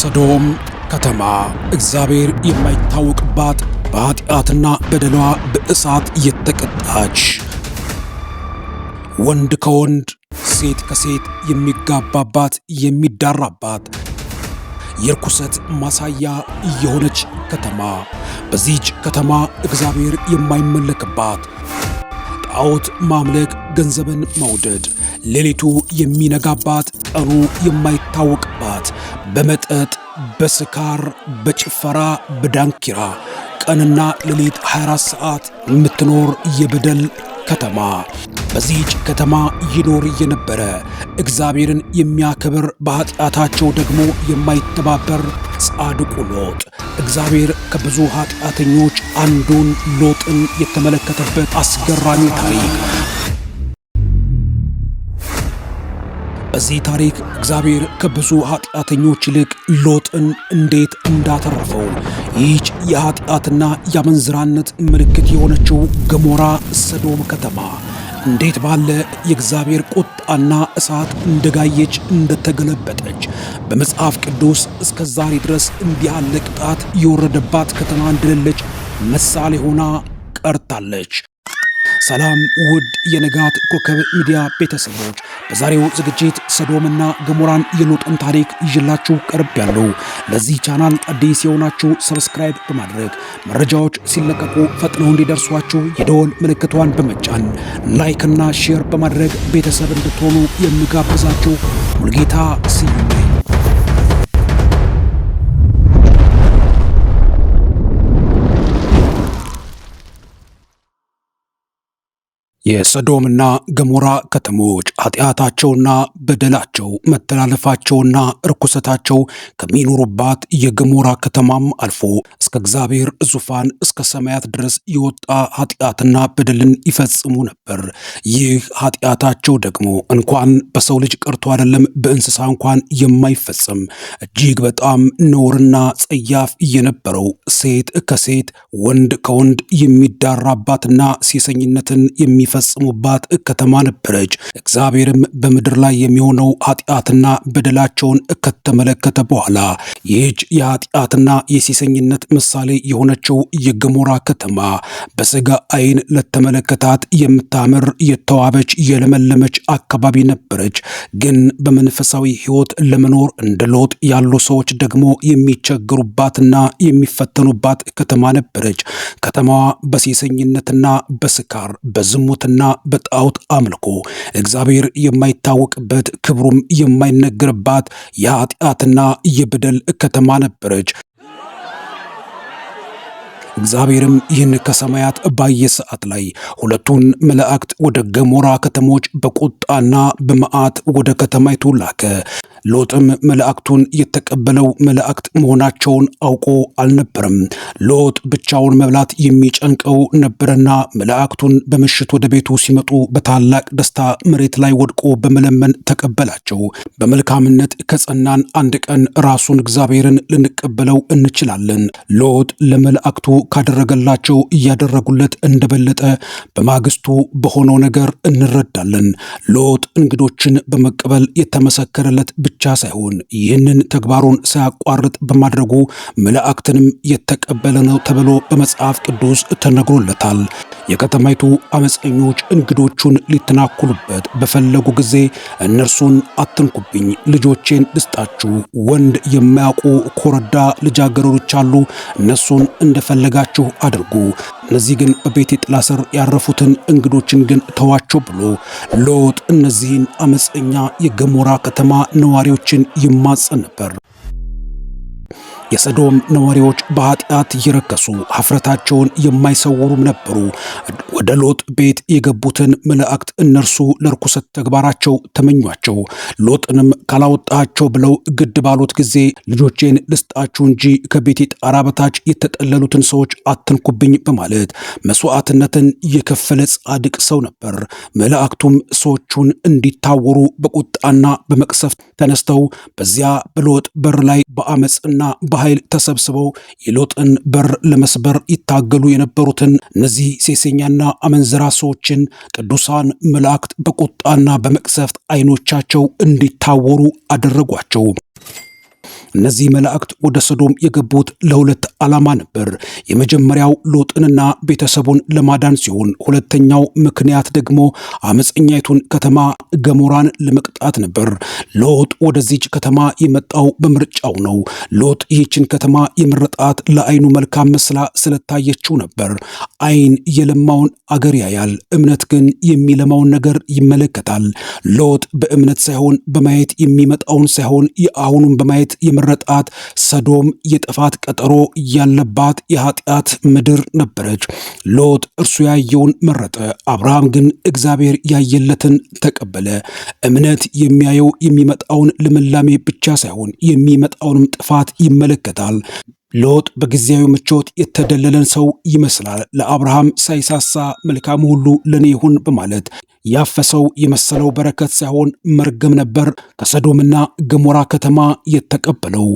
ሰዶም ከተማ እግዚአብሔር የማይታወቅባት በኃጢአትና በደሏ በእሳት የተቀጣች ወንድ ከወንድ ሴት ከሴት የሚጋባባት የሚዳራባት የርኩሰት ማሳያ እየሆነች ከተማ። በዚች ከተማ እግዚአብሔር የማይመለክባት ጣዖት ማምለክ፣ ገንዘብን መውደድ፣ ሌሊቱ የሚነጋባት ቀኑ የማይታወቅ በመጠጥ በስካር በጭፈራ በዳንኪራ ቀንና ሌሊት 24 ሰዓት የምትኖር የበደል ከተማ። በዚህች ከተማ ይኖር የነበረ እግዚአብሔርን የሚያከብር በኃጢአታቸው ደግሞ የማይተባበር ጻድቁ ሎጥ እግዚአብሔር ከብዙ ኃጢአተኞች አንዱን ሎጥን የተመለከተበት አስገራሚ ታሪክ በዚህ ታሪክ እግዚአብሔር ከብዙ ኃጢአተኞች ይልቅ ሎጥን እንዴት እንዳተረፈው ይህች የኃጢአትና የአመንዝራነት ምልክት የሆነችው ገሞራ ሰዶም ከተማ እንዴት ባለ የእግዚአብሔር ቁጣና እሳት እንደጋየች እንደተገለበጠች በመጽሐፍ ቅዱስ እስከ ዛሬ ድረስ እንዲህ ያለ ቅጣት የወረደባት ከተማ እንደሌለች ምሳሌ ሆና ቀርታለች። ሰላም ውድ የንጋት ኮከብ ሚዲያ ቤተሰቦች፣ በዛሬው ዝግጅት ሰዶምና ገሞራን የሎጥን ታሪክ ይዤላችሁ ቀርብ ያለው። ለዚህ ቻናል አዲስ የሆናችሁ ሰብስክራይብ በማድረግ መረጃዎች ሲለቀቁ ፈጥነው እንዲደርሷችሁ የደወል ምልክቷን በመጫን ላይክና ሼር በማድረግ ቤተሰብ እንድትሆኑ የሚጋብዛችሁ ሙልጌታ ስዩም የሰዶምና ገሞራ ከተሞች ኃጢአታቸውና በደላቸው መተላለፋቸውና ርኩሰታቸው ከሚኖሩባት የገሞራ ከተማም አልፎ እስከ እግዚአብሔር ዙፋን እስከ ሰማያት ድረስ የወጣ ኃጢአትና በደልን ይፈጽሙ ነበር። ይህ ኃጢአታቸው ደግሞ እንኳን በሰው ልጅ ቀርቶ አይደለም በእንስሳ እንኳን የማይፈጸም እጅግ በጣም ነውርና ጸያፍ የነበረው ሴት ከሴት ወንድ ከወንድ የሚዳራባትና ሴሰኝነትን የሚፈ የሚፈጽሙባት ከተማ ነበረች። እግዚአብሔርም በምድር ላይ የሚሆነው ኃጢአትና በደላቸውን ከተመለከተ በኋላ ይህች የኃጢአትና የሴሰኝነት ምሳሌ የሆነችው የገሞራ ከተማ በስጋ ዓይን ለተመለከታት የምታምር የተዋበች የለመለመች አካባቢ ነበረች። ግን በመንፈሳዊ ሕይወት ለመኖር እንደ ሎጥ ያሉ ሰዎች ደግሞ የሚቸገሩባትና የሚፈተኑባት ከተማ ነበረች። ከተማዋ በሴሰኝነትና በስካር በዝሙት በጣዖትና በጣዖት አምልኮ እግዚአብሔር የማይታወቅበት ክብሩም የማይነገርባት የኃጢአትና የበደል ከተማ ነበረች። እግዚአብሔርም ይህን ከሰማያት ባየ ሰዓት ላይ ሁለቱን መላእክት ወደ ገሞራ ከተሞች በቁጣና በመዓት ወደ ከተማይቱ ላከ። ሎጥም መላእክቱን የተቀበለው መላእክት መሆናቸውን አውቆ አልነበረም። ሎጥ ብቻውን መብላት የሚጨንቀው ነበረና መላእክቱን በምሽት ወደ ቤቱ ሲመጡ በታላቅ ደስታ መሬት ላይ ወድቆ በመለመን ተቀበላቸው። በመልካምነት ከጸናን አንድ ቀን ራሱን እግዚአብሔርን ልንቀበለው እንችላለን። ሎጥ ለመላእክቱ ካደረገላቸው እያደረጉለት እንደበለጠ በማግስቱ በሆነው ነገር እንረዳለን። ሎጥ እንግዶችን በመቀበል የተመሰከረለት ብቻ ሳይሆን ይህንን ተግባሩን ሳያቋርጥ በማድረጉ መላእክትንም የተቀበለ ነው ተብሎ በመጽሐፍ ቅዱስ ተነግሮለታል። የከተማይቱ አመፀኞች እንግዶቹን ሊተናኩሉበት በፈለጉ ጊዜ እነርሱን አትንኩብኝ፣ ልጆቼን ልስጣችሁ፣ ወንድ የማያውቁ ኮረዳ ልጃገረዶች አሉ፣ እነሱን እንደፈለጋችሁ አድርጉ እነዚህ ግን በቤት የጥላ ስር ያረፉትን እንግዶችን ግን ተዋቸው ብሎ ሎጥ እነዚህን አመፀኛ የገሞራ ከተማ ነዋሪዎችን ይማጸን ነበር። የሰዶም ነዋሪዎች በኃጢአት እየረከሱ ሀፍረታቸውን የማይሰውሩም ነበሩ። ወደ ሎጥ ቤት የገቡትን መላእክት እነርሱ ለርኩሰት ተግባራቸው ተመኟቸው። ሎጥንም ካላወጣቸው ብለው ግድ ባሉት ጊዜ ልጆቼን ልስጣችሁ እንጂ ከቤቴ ጣራ በታች የተጠለሉትን ሰዎች አትንኩብኝ በማለት መስዋዕትነትን የከፈለ ጻድቅ ሰው ነበር። መላእክቱም ሰዎቹን እንዲታወሩ በቁጣና በመቅሰፍት ተነስተው በዚያ በሎጥ በር ላይ በአመፅና በ በኃይል ተሰብስበው የሎጥን በር ለመስበር ይታገሉ የነበሩትን እነዚህ ሴሰኛና አመንዝራ ሰዎችን ቅዱሳን መላእክት በቁጣና በመቅሰፍት ዓይኖቻቸው እንዲታወሩ አደረጓቸው። እነዚህ መላእክት ወደ ሰዶም የገቡት ለሁለት ዓላማ ነበር። የመጀመሪያው ሎጥንና ቤተሰቡን ለማዳን ሲሆን፣ ሁለተኛው ምክንያት ደግሞ አመፀኛይቱን ከተማ ገሞራን ለመቅጣት ነበር። ሎጥ ወደዚች ከተማ የመጣው በምርጫው ነው። ሎጥ ይህችን ከተማ የመረጣት ለአይኑ መልካም መስላ ስለታየችው ነበር። አይን የለማውን አገር ያያል፣ እምነት ግን የሚለማውን ነገር ይመለከታል። ሎጥ በእምነት ሳይሆን በማየት የሚመጣውን ሳይሆን የአሁኑን በማየት የመረጣት ሰዶም የጥፋት ቀጠሮ ያለባት የኃጢአት ምድር ነበረች። ሎጥ እርሱ ያየውን መረጠ፣ አብርሃም ግን እግዚአብሔር ያየለትን ተቀበለ። እምነት የሚያየው የሚመጣውን ልምላሜ ብቻ ሳይሆን የሚመጣውንም ጥፋት ይመለከታል። ሎጥ በጊዜያዊ ምቾት የተደለለን ሰው ይመስላል። ለአብርሃም ሳይሳሳ መልካም ሁሉ ለእኔ ይሁን በማለት ያፈሰው የመሰለው በረከት ሳይሆን መርገም ነበር ከሰዶምና ገሞራ ከተማ የተቀበለው።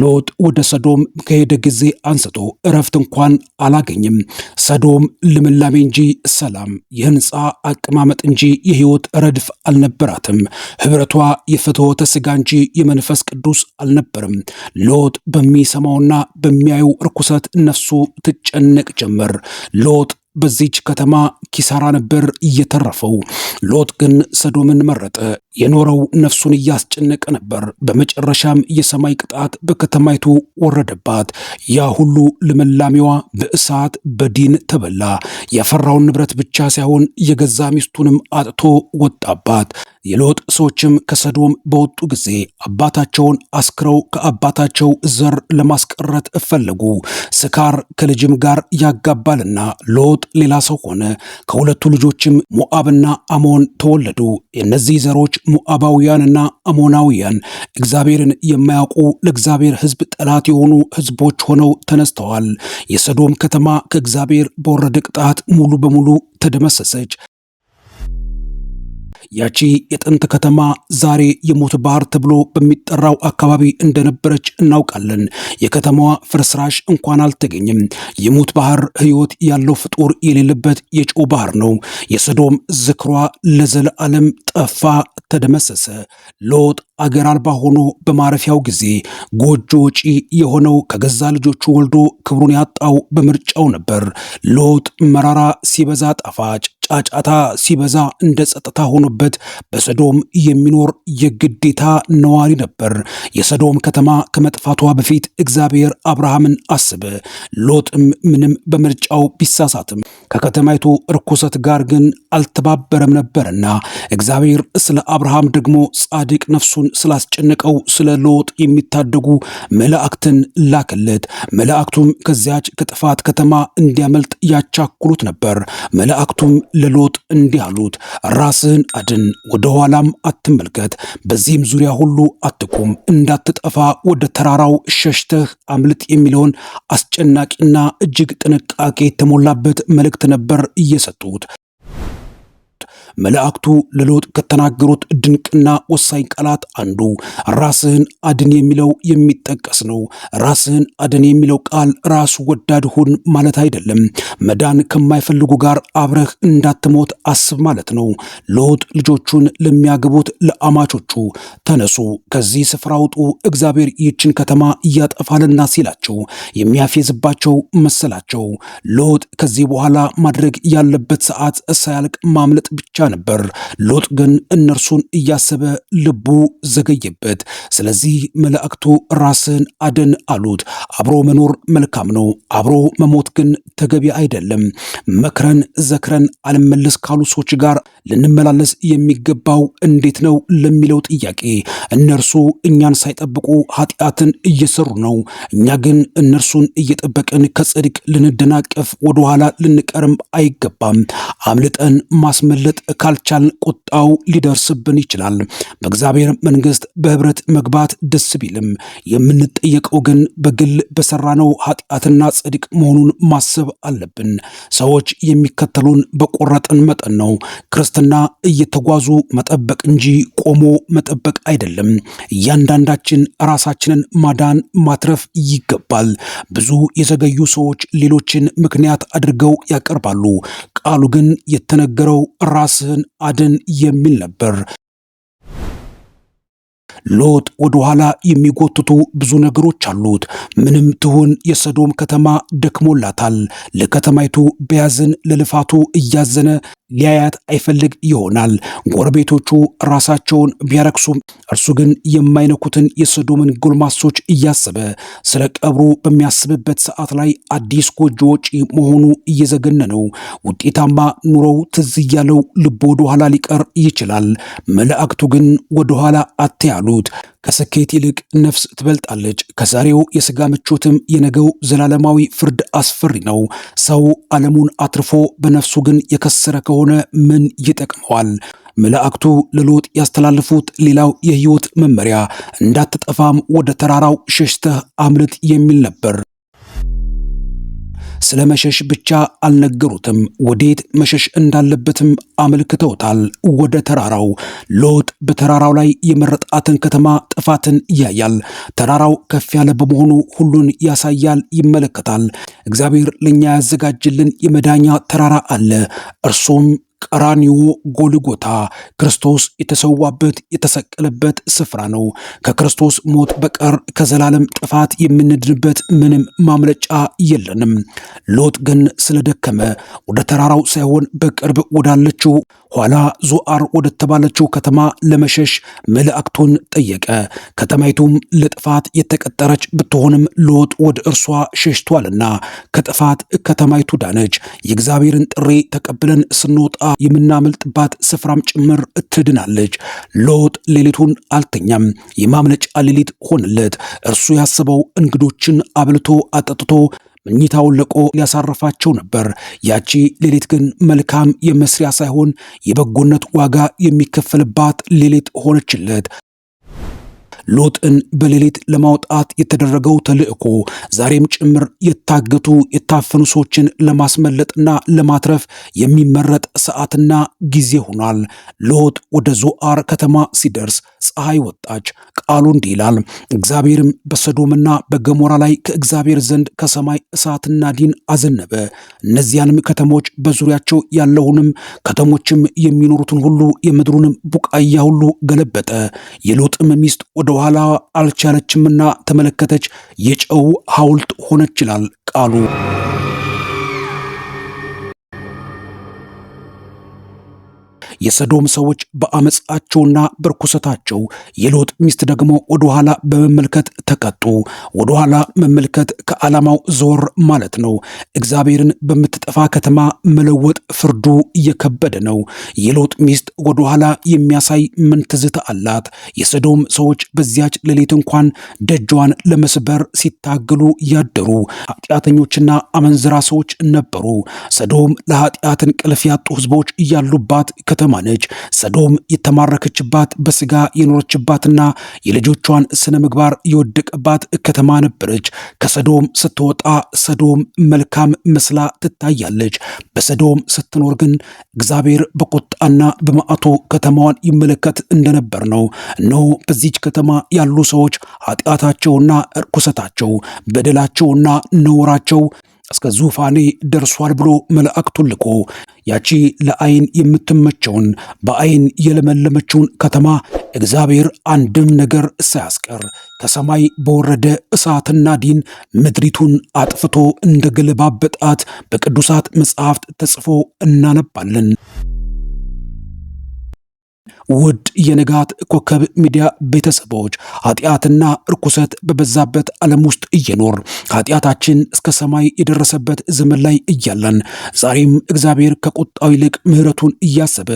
ሎጥ ወደ ሰዶም ከሄደ ጊዜ አንስቶ እረፍት እንኳን አላገኝም። ሰዶም ልምላሜ እንጂ ሰላም፣ የህንፃ አቀማመጥ እንጂ የህይወት ረድፍ አልነበራትም። ህብረቷ የፍትወተ ስጋ እንጂ የመንፈስ ቅዱስ አልነበርም። ሎጥ በሚሰማውና በሚያዩ ርኩሰት ነፍሱ ትጨነቅ ጀመር። ሎጥ በዚች ከተማ ኪሳራ ነበር እየተረፈው። ሎጥ ግን ሰዶምን መረጠ። የኖረው ነፍሱን እያስጨነቀ ነበር። በመጨረሻም የሰማይ ቅጣት በከተማይቱ ወረደባት። ያ ሁሉ ልምላሜዋ በእሳት በዲን ተበላ። ያፈራውን ንብረት ብቻ ሳይሆን የገዛ ሚስቱንም አጥቶ ወጣባት። የሎጥ ሰዎችም ከሰዶም በወጡ ጊዜ አባታቸውን አስክረው ከአባታቸው ዘር ለማስቀረት ፈለጉ። ስካር ከልጅም ጋር ያጋባልና ሎጥ ሌላ ሰው ሆነ። ከሁለቱ ልጆችም ሞአብና አሞን ተወለዱ። የእነዚህ ዘሮች ሞአባውያንና አሞናውያን እግዚአብሔርን የማያውቁ ለእግዚአብሔር ሕዝብ ጠላት የሆኑ ሕዝቦች ሆነው ተነስተዋል። የሰዶም ከተማ ከእግዚአብሔር በወረደ ቅጣት ሙሉ በሙሉ ተደመሰሰች። ያቺ የጥንት ከተማ ዛሬ የሞት ባህር ተብሎ በሚጠራው አካባቢ እንደነበረች እናውቃለን። የከተማዋ ፍርስራሽ እንኳን አልተገኘም። የሞት ባህር ሕይወት ያለው ፍጡር የሌለበት የጨው ባህር ነው። የሰዶም ዝክሯ ለዘለዓለም ጠፋ፣ ተደመሰሰ። ሎጥ አገር አልባ ሆኖ በማረፊያው ጊዜ ጎጆ ወጪ የሆነው ከገዛ ልጆቹ ወልዶ ክብሩን ያጣው በምርጫው ነበር። ሎጥ መራራ ሲበዛ ጣፋጭ ጫጫታ ሲበዛ እንደ ጸጥታ ሆኖበት በሰዶም የሚኖር የግዴታ ነዋሪ ነበር። የሰዶም ከተማ ከመጥፋቷ በፊት እግዚአብሔር አብርሃምን አስበ። ሎጥም ምንም በምርጫው ቢሳሳትም ከከተማይቱ ርኩሰት ጋር ግን አልተባበረም ነበርና እግዚአብሔር ስለ አብርሃም ደግሞ ጻድቅ ነፍሱን ስላስጨነቀው ስለ ሎጥ የሚታደጉ መላእክትን ላከለት። መላእክቱም ከዚያች ከጥፋት ከተማ እንዲያመልጥ ያቻኩሉት ነበር። መላእክቱም ለሎጥ እንዲህ አሉት፣ ራስህን አድን፣ ወደ ኋላም አትመልከት፣ በዚህም ዙሪያ ሁሉ አትቁም፣ እንዳትጠፋ ወደ ተራራው ሸሽተህ አምልጥ የሚለውን አስጨናቂና እጅግ ጥንቃቄ የተሞላበት መልእክት ነበር እየሰጡት መላእክቱ ለሎጥ ከተናገሩት ድንቅና ወሳኝ ቃላት አንዱ ራስህን አድን የሚለው የሚጠቀስ ነው። ራስህን አድን የሚለው ቃል ራስ ወዳድ ሁን ማለት አይደለም። መዳን ከማይፈልጉ ጋር አብረህ እንዳትሞት አስብ ማለት ነው። ሎጥ ልጆቹን ለሚያገቡት ለአማቾቹ ተነሱ፣ ከዚህ ስፍራ ውጡ፣ እግዚአብሔር ይችን ከተማ እያጠፋልና ሲላቸው የሚያፌዝባቸው መሰላቸው። ሎጥ ከዚህ በኋላ ማድረግ ያለበት ሰዓት ሳያልቅ ማምለጥ ብቻ ነበር። ሎጥ ግን እነርሱን እያሰበ ልቡ ዘገየበት። ስለዚህ መላእክቱ ራስን አድን አሉት። አብሮ መኖር መልካም ነው፣ አብሮ መሞት ግን ተገቢ አይደለም። መክረን ዘክረን አልመለስ ካሉ ሰዎች ጋር ልንመላለስ የሚገባው እንዴት ነው ለሚለው ጥያቄ እነርሱ እኛን ሳይጠብቁ ኃጢአትን እየሰሩ ነው። እኛ ግን እነርሱን እየጠበቅን ከጽድቅ ልንደናቀፍ ወደኋላ ልንቀርም አይገባም። አምልጠን ማስመለጥ ካልቻልን ቁጣው ሊደርስብን ይችላል። በእግዚአብሔር መንግስት በህብረት መግባት ደስ ቢልም የምንጠየቀው ግን በግል በሰራነው ኃጢአትና ጽድቅ መሆኑን ማሰብ አለብን። ሰዎች የሚከተሉን በቆረጥን መጠን ነው። ክርስትና እየተጓዙ መጠበቅ እንጂ ቆሞ መጠበቅ አይደለም። እያንዳንዳችን ራሳችንን ማዳን ማትረፍ ይገባል። ብዙ የዘገዩ ሰዎች ሌሎችን ምክንያት አድርገው ያቀርባሉ። ቃሉ ግን የተነገረው ራስ ራስህን አድን የሚል ነበር። ሎጥ ወደ ኋላ የሚጎትቱ ብዙ ነገሮች አሉት። ምንም ትሁን የሰዶም ከተማ ደክሞላታል። ለከተማይቱ በያዝን ለልፋቱ እያዘነ ሊያያት አይፈልግ ይሆናል። ጎረቤቶቹ ራሳቸውን ቢያረክሱም እርሱ ግን የማይነኩትን የሰዶምን ጎልማሶች እያሰበ ስለ ቀብሩ በሚያስብበት ሰዓት ላይ አዲስ ጎጆ ወጪ መሆኑ ነው። ውጤታማ ኑሮው ትዝ እያለው ልቦ ወደ ኋላ ሊቀር ይችላል። መላእክቱ ግን ወደ ኋላ አትያሉ ያሉት። ከስኬት ይልቅ ነፍስ ትበልጣለች። ከዛሬው የስጋ ምቾትም የነገው ዘላለማዊ ፍርድ አስፈሪ ነው። ሰው ዓለሙን አትርፎ በነፍሱ ግን የከሰረ ከሆነ ምን ይጠቅመዋል? መላእክቱ ለሎጥ ያስተላለፉት ሌላው የሕይወት መመሪያ እንዳትጠፋም ወደ ተራራው ሸሽተህ አምልጥ የሚል ነበር። ስለ መሸሽ ብቻ አልነገሩትም። ወዴት መሸሽ እንዳለበትም አመልክተውታል። ወደ ተራራው። ሎጥ በተራራው ላይ የመረጣትን ከተማ ጥፋትን ያያል። ተራራው ከፍ ያለ በመሆኑ ሁሉን ያሳያል፣ ይመለከታል። እግዚአብሔር ለእኛ ያዘጋጅልን የመዳኛ ተራራ አለ፣ እርሱም ቀራኒዮ ጎልጎታ ክርስቶስ የተሰዋበት የተሰቀለበት ስፍራ ነው። ከክርስቶስ ሞት በቀር ከዘላለም ጥፋት የምንድንበት ምንም ማምለጫ የለንም። ሎጥ ግን ስለደከመ ወደ ተራራው ሳይሆን በቅርብ ወዳለችው ኋላ ዞአር ወደተባለችው ከተማ ለመሸሽ መልአክቱን ጠየቀ። ከተማይቱም ለጥፋት የተቀጠረች ብትሆንም ሎጥ ወደ እርሷ ሸሽቷልና ከጥፋት ከተማይቱ ዳነች። የእግዚአብሔርን ጥሪ ተቀብለን ስንወጣ የምናመልጥባት ስፍራም ጭምር ትድናለች። ሎጥ ሌሊቱን አልተኛም፣ የማምለጫ ሌሊት ሆነለት። እርሱ ያስበው እንግዶችን አብልቶ አጠጥቶ መኝታውን ለቆ ሊያሳርፋቸው ነበር። ያቺ ሌሊት ግን መልካም የመስሪያ ሳይሆን የበጎነት ዋጋ የሚከፈልባት ሌሊት ሆነችለት። ሎጥን በሌሊት ለማውጣት የተደረገው ተልዕኮ ዛሬም ጭምር የታገቱ የታፈኑ ሰዎችን ለማስመለጥና ለማትረፍ የሚመረጥ ሰዓትና ጊዜ ሆኗል። ሎጥ ወደ ዞአር ከተማ ሲደርስ ፀሐይ ወጣች። ቃሉ እንዲህ ይላል፣ እግዚአብሔርም በሰዶምና በገሞራ ላይ ከእግዚአብሔር ዘንድ ከሰማይ እሳትና ዲን አዘነበ። እነዚያንም ከተሞች በዙሪያቸው ያለውንም ከተሞችም የሚኖሩትን ሁሉ የምድሩንም ቡቃያ ሁሉ ገለበጠ። የሎጥም ሚስት ወደ ወደኋላ አልቻለችምና ተመለከተች፣ የጨው ሐውልት ሆነች ይላል ቃሉ። የሰዶም ሰዎች በአመፃቸውና በርኩሰታቸው፣ የሎጥ ሚስት ደግሞ ወደኋላ በመመልከት ተቀጡ። ወደኋላ መመልከት ከዓላማው ዞር ማለት ነው። እግዚአብሔርን በምትጠፋ ከተማ መለወጥ ፍርዱ እየከበደ ነው። የሎጥ ሚስት ወደኋላ የሚያሳይ ምን ትዝታ አላት? የሰዶም ሰዎች በዚያች ሌሊት እንኳን ደጇን ለመስበር ሲታገሉ ያደሩ ኃጢአተኞችና አመንዝራ ሰዎች ነበሩ። ሰዶም ለኃጢአት ቅልፍ ያጡ ህዝቦች እያሉባት ከተማ ከተማ ነች። ሰዶም የተማረከችባት በስጋ የኖረችባትና የልጆቿን ስነ ምግባር የወደቀባት ከተማ ነበረች። ከሰዶም ስትወጣ ሰዶም መልካም መስላ ትታያለች። በሰዶም ስትኖር ግን እግዚአብሔር በቁጣና በመዓቱ ከተማዋን ይመለከት እንደነበር ነው። እነሆ በዚች ከተማ ያሉ ሰዎች ኃጢአታቸውና እርኩሰታቸው፣ በደላቸውና ነውራቸው እስከ ዙፋኔ ደርሷል ብሎ መላእክቱን ልኮ ያቺ ለአይን የምትመቸውን በአይን የለመለመችውን ከተማ እግዚአብሔር አንድም ነገር ሳያስቀር ከሰማይ በወረደ እሳትና ዲን ምድሪቱን አጥፍቶ እንደ ገለባበጣት በቅዱሳት መጽሐፍት ተጽፎ እናነባለን። ውድ የንጋት ኮከብ ሚዲያ ቤተሰቦች ኃጢአትና እርኩሰት በበዛበት ዓለም ውስጥ እየኖር ኃጢአታችን እስከ ሰማይ የደረሰበት ዘመን ላይ እያለን ዛሬም እግዚአብሔር ከቁጣው ይልቅ ምሕረቱን እያሰበ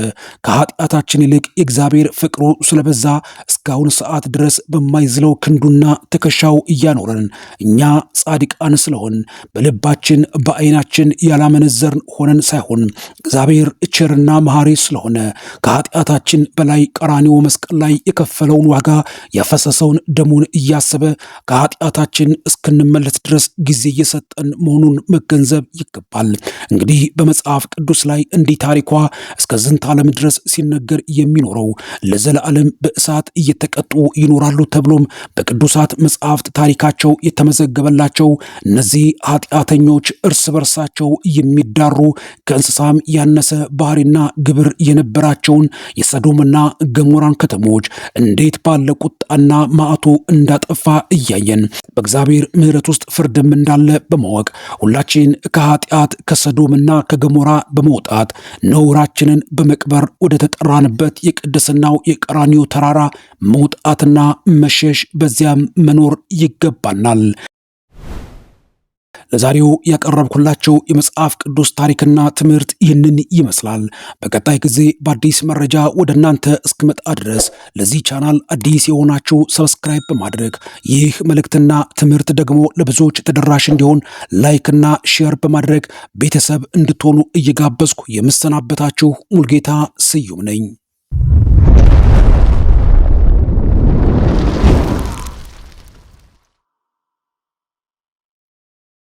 ከኃጢአታችን ይልቅ የእግዚአብሔር ፍቅሩ ስለበዛ እስካሁን ሰዓት ድረስ በማይዝለው ክንዱና ትከሻው እያኖረን እኛ ጻድቃን ስለሆን በልባችን በዓይናችን ያላመነዘርን ሆነን ሳይሆን እግዚአብሔር ቸርና መሐሪ ስለሆነ ከኃጢአታችን በላይ ቀራንዮ መስቀል ላይ የከፈለውን ዋጋ ያፈሰሰውን ደሙን እያሰበ ከኃጢአታችን እስክንመለስ ድረስ ጊዜ እየሰጠን መሆኑን መገንዘብ ይገባል። እንግዲህ በመጽሐፍ ቅዱስ ላይ እንዲህ ታሪኳ እስከ ዝንተ ዓለም ድረስ ሲነገር የሚኖረው ለዘላለም በእሳት እየተቀጡ ይኖራሉ ተብሎም በቅዱሳት መጽሐፍት ታሪካቸው የተመዘገበላቸው እነዚህ ኃጢአተኞች እርስ በርሳቸው የሚዳሩ ከእንስሳም ያነሰ ባህሪና ግብር የነበራቸውን የሰዶም ገላና ገሞራን ከተሞች እንዴት ባለ ቁጣና ማዕቱ እንዳጠፋ እያየን በእግዚአብሔር ምሕረት ውስጥ ፍርድም እንዳለ በማወቅ ሁላችን ከኃጢአት ከሰዶምና ከገሞራ በመውጣት ነውራችንን በመቅበር ወደ ተጠራንበት የቅድስናው የቀራኒዮ ተራራ መውጣትና መሸሽ በዚያም መኖር ይገባናል። ለዛሬው ያቀረብኩላቸው የመጽሐፍ ቅዱስ ታሪክና ትምህርት ይህንን ይመስላል። በቀጣይ ጊዜ በአዲስ መረጃ ወደ እናንተ እስክመጣ ድረስ ለዚህ ቻናል አዲስ የሆናችሁ ሰብስክራይብ በማድረግ ይህ መልእክትና ትምህርት ደግሞ ለብዙዎች ተደራሽ እንዲሆን ላይክና ሼር በማድረግ ቤተሰብ እንድትሆኑ እየጋበዝኩ የምሰናበታችሁ ሙልጌታ ስዩም ነኝ።